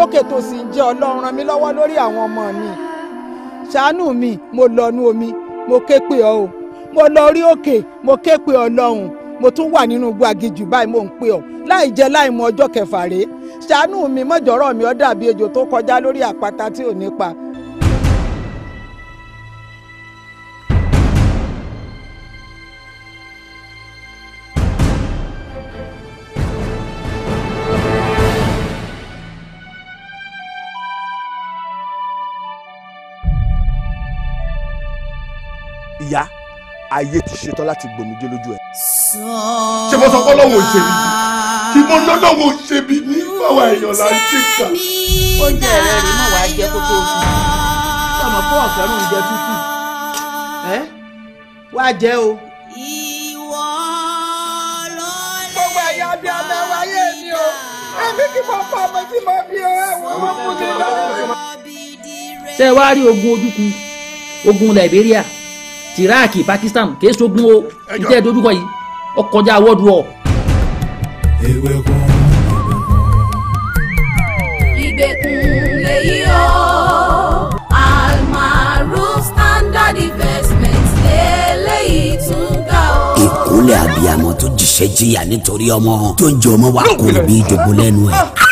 lókè tó sì ń jẹ́ ọlọ́run ràn mí lọ́wọ́ lórí àwọn ọmọ mi ṣàánú mi mo lọ́nu omi mo ké pè ọ́ o mo lọ rí òkè mo ké pè ọlọ́run mo tún wà nínú igbó aginjù báyìí mò ń pè ọ́ láì jẹ láì mu ọjọ́ kẹfà rèé ṣàánú mi mọ́jọ́rọ̀ mi ó dàbí ejò tó kọjá lórí àpáta tí ò ní pa yá ayé ti ṣetán láti gbòmídé lójú ẹ. ṣé mo sọ pé ọlọ́wọ́ ò ṣe mí bí mo lọ́lọ́wọ́ ò ṣe mí ní báwa èèyàn là ń ṣe kà. oúnjẹ rẹ rè mọ wàá jẹ kó tó o sùn sọmọ fún ọ̀fẹ́ rún oúnjẹ tútù ẹ wá jẹ o. ìwọ ló lè gbọ́ gbogbo ẹ̀yà bíi abẹ́wọ̀ ayé mi o ẹ̀mí kí mo pa ọmọ tí mo fi ẹ̀wọ̀n wọn kú ní lọ́wọ́. ṣé wàá rí ogun ojúkú ogun Liberia tiraaki pakistan kìí ṣogun o ìtẹ́ dojúkọ yìí ó kọjá world war. ìkúlẹ̀ abiyamọ tó jíṣẹ́ jìyà nítorí ọmọ tó ń jẹ ọmọ wa kò bí ìjòkó lẹ́nu ẹ̀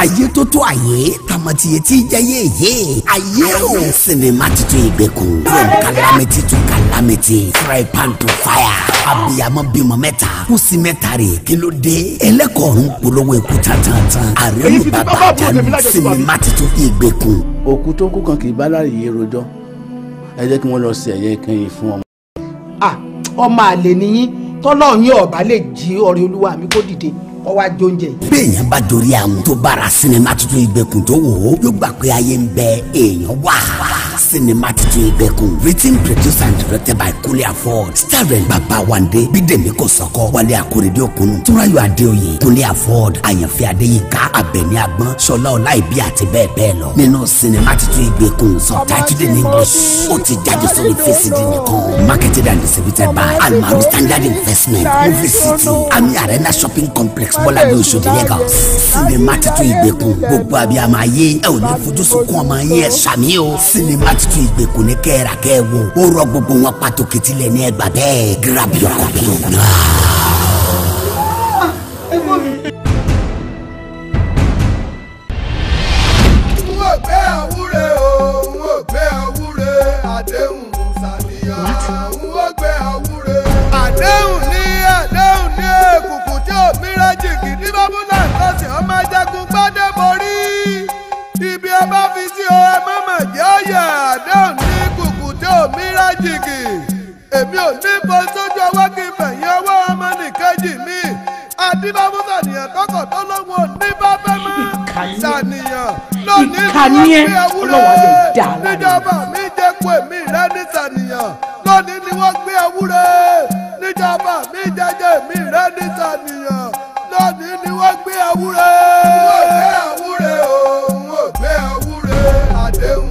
ayé tó tó ayé tamatiye tí ye. yé ayé o sinima titun ìgbẹ́kùn from calamity to calamity fry pan to fire abiyamọ bímọ mẹ́ta kùsì mẹ́ta rè kílódé ẹlẹ́kọ̀ọ́rùn polówó ikú tantan àrẹ́lù bàbá àjálù sinima titun ìgbẹ́kùn. òkú tó kú kan kì í bá láàyè yé rojọ́ ẹ jẹ́ kí wọ́n lọ sí ẹ̀yẹ ìkànnì fún ọmọ. Ah, ọmọ àlè nìyí tọ́lọ́ọ̀yìn ọ̀bá lè jí ọ̀rẹ́ olúwa mi kó dìde kọ́ wá jóúnjẹ. béèyàn bá dorí àwọn tó bára sinimá tuntun ìgbẹ́kùn tó wò ó yóò gbà pé ayé ń bẹ èèyàn wà. sinimá tuntun ìgbẹ́kùn written produced and directed by kúlẹ̀ afọ́d starring Baba wande bídèmí kò sọ́kọ́ wálé àkórèdé òkun túnráyọ̀ adéoyè kúlẹ̀ afọ́d àyànfẹ́ adéyínká abẹ̀ní agbọ́n ṣọlá ọláìbí àti bẹ́ẹ̀ bẹ́ẹ̀ lọ nínú sinimá tuntun ìgbẹ́kùn subtitled in english ó ti jáde sórí fèsìdì nìkan marketed and distributed by almaru standard investment movie city ami arena shopping complex Rex Bọ́lájí Òṣòdì Lagos sinimá titun ìgbèkùn gbogbo abiyamọ ayé ẹ ò ní fojú ọmọ yín ẹ sàmí o sinimá titun ìgbèkùn ní kẹ́ẹ̀rà kẹ́ẹ̀wò ó rọ gbogbo wọn pàtó kìtìlẹ̀ ní ẹgbà bẹ́ẹ̀ grab your copy now. What? bí bá fún sàníyàn kọ́kọ́ tó lóhùn òní bá fẹ́ mọ́ lónìí ni wọ́n gbé ewúrẹ́ níjọba mi jẹ́ kó èmi rẹ ní sàníyàn lónìí ni wọ́n gbé ewúrẹ́ níjọba mi jẹ́jẹ́ èmi rẹ ní sàníyàn lónìí ni wọ́n gbé ewúrẹ́. wọ́n gbé ewúrẹ́ o wọ́n gbé ewúrẹ́ àdéhùn.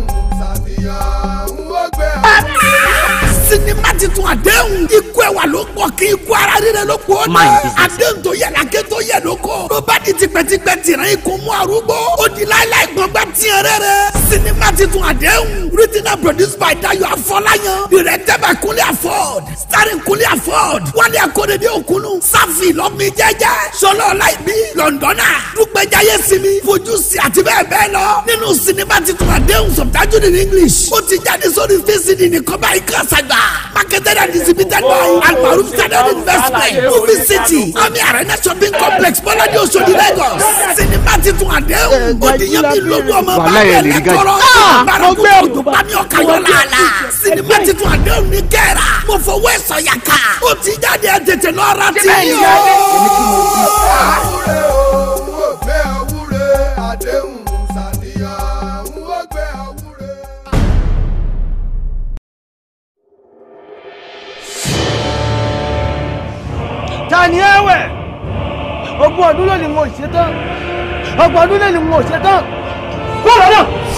láti tún àdéhùn ikú ẹwà ló pọ̀ kí ikú ara rírẹ ló pọ̀ dá àdéhùn tó yẹ làkè tó yẹ ló kọ́ ló bá di tipẹ́tipẹ́ tìrán ikú mú arúgbó ó di láíláí gbọ̀ngbà tiẹ̀ rẹ̀ sinimá ti tún àdéhùn written produced by Dayo Afọláyan directed Kúnlé Afọ́d starring kuli afford wálé akóredé òkunu sáfì lọ́mí jẹ́jẹ́ sọlọ láìbí lọ́ndọ́nà dúpẹ́jáyé sinmi fojú sí àti bẹ́ẹ̀ bẹ́ẹ̀ lọ nínú sinimá titun àdéhùn sọ̀tájú ní english ó ti jáde sórí fésìlì nìkan báyìí kan ṣàgbà marketed and distributed by almaroof standard investment movie city army arena shopping complex bọ́lájí oṣòdì lagos sinimá titun àdéhùn òdìyàn mi lógún ọmọ bá rẹ̀ lẹ́kọ̀ọ́rọ́ ìbára kúkú dùpá mi ọ̀kayọ̀ làálà sinimá titun àdéhùn ní kẹ́ra mo fọwọ́ owó ẹ̀sán yàká. ó ti jáde ẹ̀ tètè lọ ara tí yìí o. ta ni ẹ ọdún lónìí mo ṣetán ọgbọ̀n ọdún lónìí mo ṣetán kúrò náà.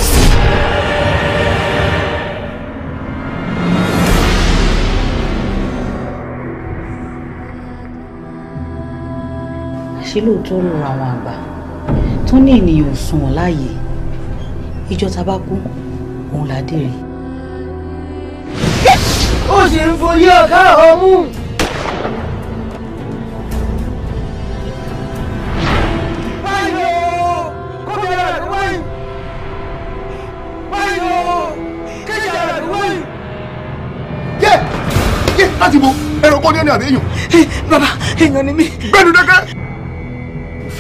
ṣe lóòótọ́ rọrùn àwọn àgbà tó ní ènìyàn ò sunwọ̀n láàyè ìjọ tabakú òun ládé rẹ̀. ó sì ń foyí ọ̀gá ọmú. láti bo ẹranko ní ẹni àbẹ́yàn. bàbá èèyàn ni mí. gbẹ́nu dẹ́kẹ́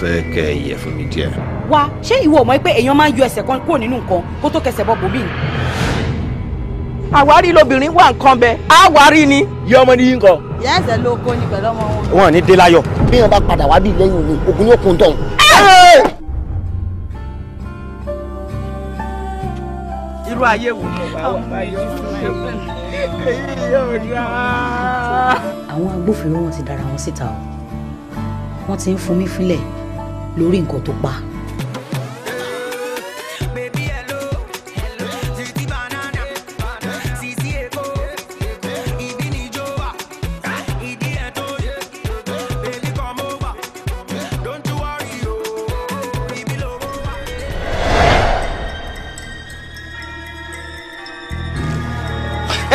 fẹ́ kẹ ìyẹ̀fun mi díẹ̀. wá ṣé ìwọ ò pé èèyàn máa ń yọ ẹsẹ̀ kan kúrò nínú nǹkan kó tó kẹsẹ̀ bọ́ bòbí àwárí lobìnrin wà nǹkan bẹ àwárí ni. yẹ ọmọ ní yín kọ. ìyá ló kó ni pẹ̀lú ọmọ wọn. wọn ní dé bí wọn bá padà wá bí lẹ́yìn òun ògùn yóò kún tán. irú ayé wo ni ọba wa báyìí àwọn agbófinró wọn ti dára wọn síta o wọn ti ń fún mi fílẹ̀ lórí nǹkan tó pa.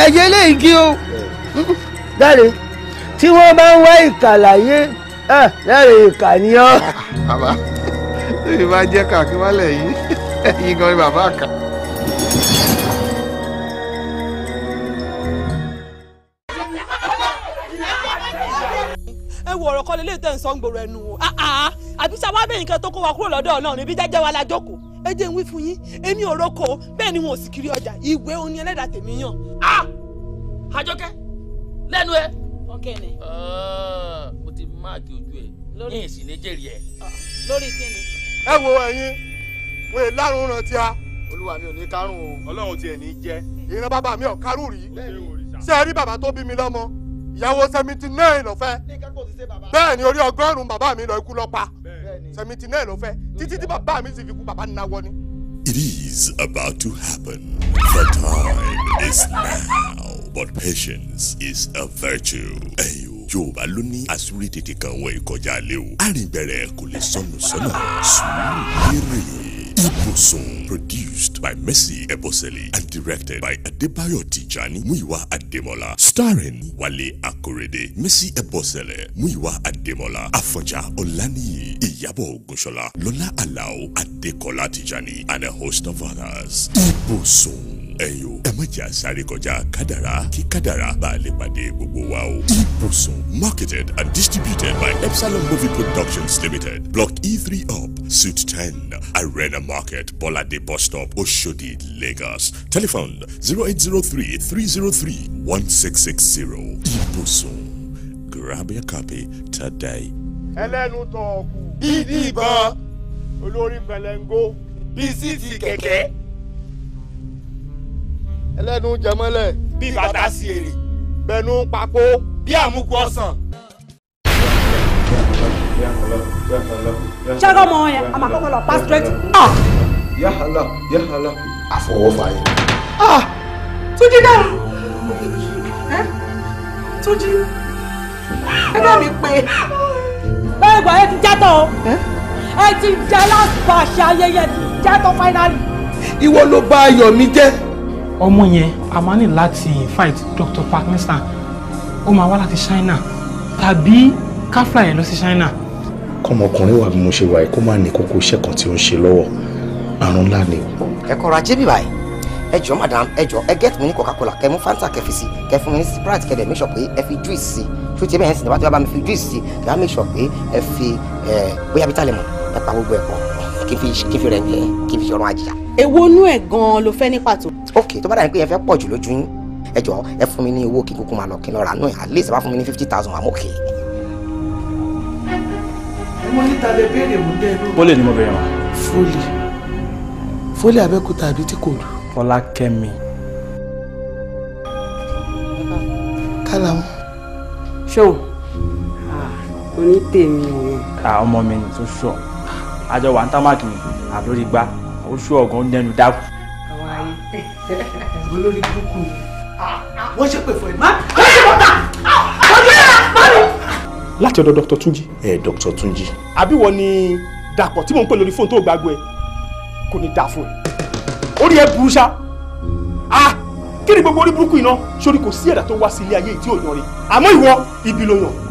ẹ̀jẹ̀ lè gí o dáre tí wọ́n bá ń wá ìkà láyé dáre ìkà ni ọ́. bàbá tóbi bá jẹ́ kàkíwálẹ̀ yìí ẹ̀yin gan ni bàbá àkà. ẹ wo ọ̀rọ̀ kan lélẹ́yìn tẹ̀ ń sọ ń gbòòrò ẹnu o ah, ah, àbí sábà bẹ́yìn kan tó kó wa kúrò lọ́dọ̀ ọ̀nà níbi jẹ́jẹ́ wa la jókòó ẹ jẹ́ ń wí fún yín èmi ò roko bẹ́ẹ̀ ni wọn ò sì kiri ọjà ìwé oní ẹlẹ́dàá tèmi yàn. Ah! ni. máàkì ojú ẹ̀ ní ìsìn léjèrè ah, lórí kíni. ẹ wo ẹ̀yin wọn è lárùn rántí a olúwa mi ò ní kárùn o. ọlọ́run tiẹ̀ ní jẹ́. ìran bàbá mi ò kárùn rí. ṣé ẹ rí bàbá tó bí mi lọ́mọ ìyàwó seventy nine ló fẹ́. bẹ́ẹ̀ ni orí ọgọ́rùn-ún bàbá mi lọ ikú lọ pa seventy nine ló fẹ́ títí tí bàbá mi sì fi kú bàbá náwó ni. It is about to happen. The time is now. But patience is a virtue. A yorùbá ló ní àṣírí tètè kan wọn ìkọjá lé o arìnbẹ̀rẹ̀ kò lè sọnù sọ́nà sùúrù lérè. Ibosun, produced by Messi Eboseli and directed by Adebayo Tijani Muiwa Ademola. Starring Wale Akorede, Messi Ebosele, Muiwa Ademola, Afonja Olaniyi, Iyabo Ogunsola, Lola Alao, Adekola Tijani, and a host of others. Ibosun ẹ̀yin o ẹ má jẹ́ àsáré kọjá kádàrá kí kádàrá bá a lè pàdé gbogbo wa o. ibùsùn marketed and distributed by epsilon movie productions limited block e three up suite ten arena market bolade bus stop oshodi lagos telephone zero eight zero three three zero three one six six zero ibùsùn grab your copy today. ẹlẹ́nu tọ̀ọ̀kù bíi ní ìbọn olórí pẹlẹngó bíi sí ti kẹ̀kẹ́ ẹlẹ́nu jẹmọ́lẹ̀. bí bàtà sí èrè. bẹnu papò. bí àmúkú ọsàn. ṣẹ́gun ọmọ yẹn a máa kọ́kọ́ lọ pa straight. Ah! Ah! yàhálà yàhálà. àfọwọ́fà yẹn. Ah! túnjí náà túnjí ẹgbẹ́ mi pé bẹ́ẹ̀ gbọ́ ẹ ti jẹ́tọ̀ ẹ ti jẹ́ last batch ayẹyẹ ti jẹ́tọ̀ finally. ìwọ ló bà ayọ̀ mi jẹ́ ọmọ yẹn a máa ní láti invite Dr. Pakistan ó máa wá láti China tàbí ká fly yẹn lọ sí China. kọ́mọkùnrin wà bí mo ṣe wà yìí kó má ní kókó iṣẹ́ kan tí ó ń ṣe lọ́wọ́ àrùn ńlá ni o. ẹ kọra jébì báyìí ẹ madam ẹ jọ ẹ get mi ní Coca-Cola kẹ Fanta kẹ fi si kẹ fún mi ní Sprite kẹ dẹ make sure pé ẹ fi juice si tó ti bẹ́ẹ̀ ń sìn nígbà bá mi fi juice si kẹ á make pé ẹ fi bóyá bitter lemon ẹ pa gbogbo ẹ̀ pọ̀ kí n fi rẹ̀ ń jẹ kí n fi ṣọ̀rọ̀ àjìyà èwo inú ẹ̀ gan-an ló fẹ́ ní pàtó. ok tó bá dà ní pé ẹ fẹ́ pọ̀ jù lójú yín ẹ jọ ẹ fún mi ní owó kí kúkú máa lọ kí n lọ rà náà at least ẹ bá fún mi ní fifty thousand àmọ́ kì í. mo ní ta lè béèrè mú dé lóru. fólè ni mo béèrè wọn. fólè fólè abẹ́kúta àbí tí kò lù. fọlákẹ́mi. kálá wọn. ṣé o oní tèmi o. ọmọ mi ni tó ṣọ àjọ wà ń tá máàkì àdórí gbá oṣù ọ̀gán nẹnu dákú. àwọn ayé olórí kúkú ah, ah, wọ́n ṣe pè fún ẹ̀ má wọ́n ah, ṣe bọ́tà ọdún yẹn má mi. láti ọ̀dọ̀ Dr. Túnjí. ẹ Dr. Túnjí. àbí wọ́n ní dàpọ̀ tí mò ń pè lórí fóònù tó gbàgbé ẹ kò ní dáa fún ẹ orí ẹ burú ṣá kí ni gbogbo orí burúkú iná sórí kò sí ẹ̀dá tó wá sí ilé ayé tí ò yan rí àmọ́ ìwọ ibi ló yàn.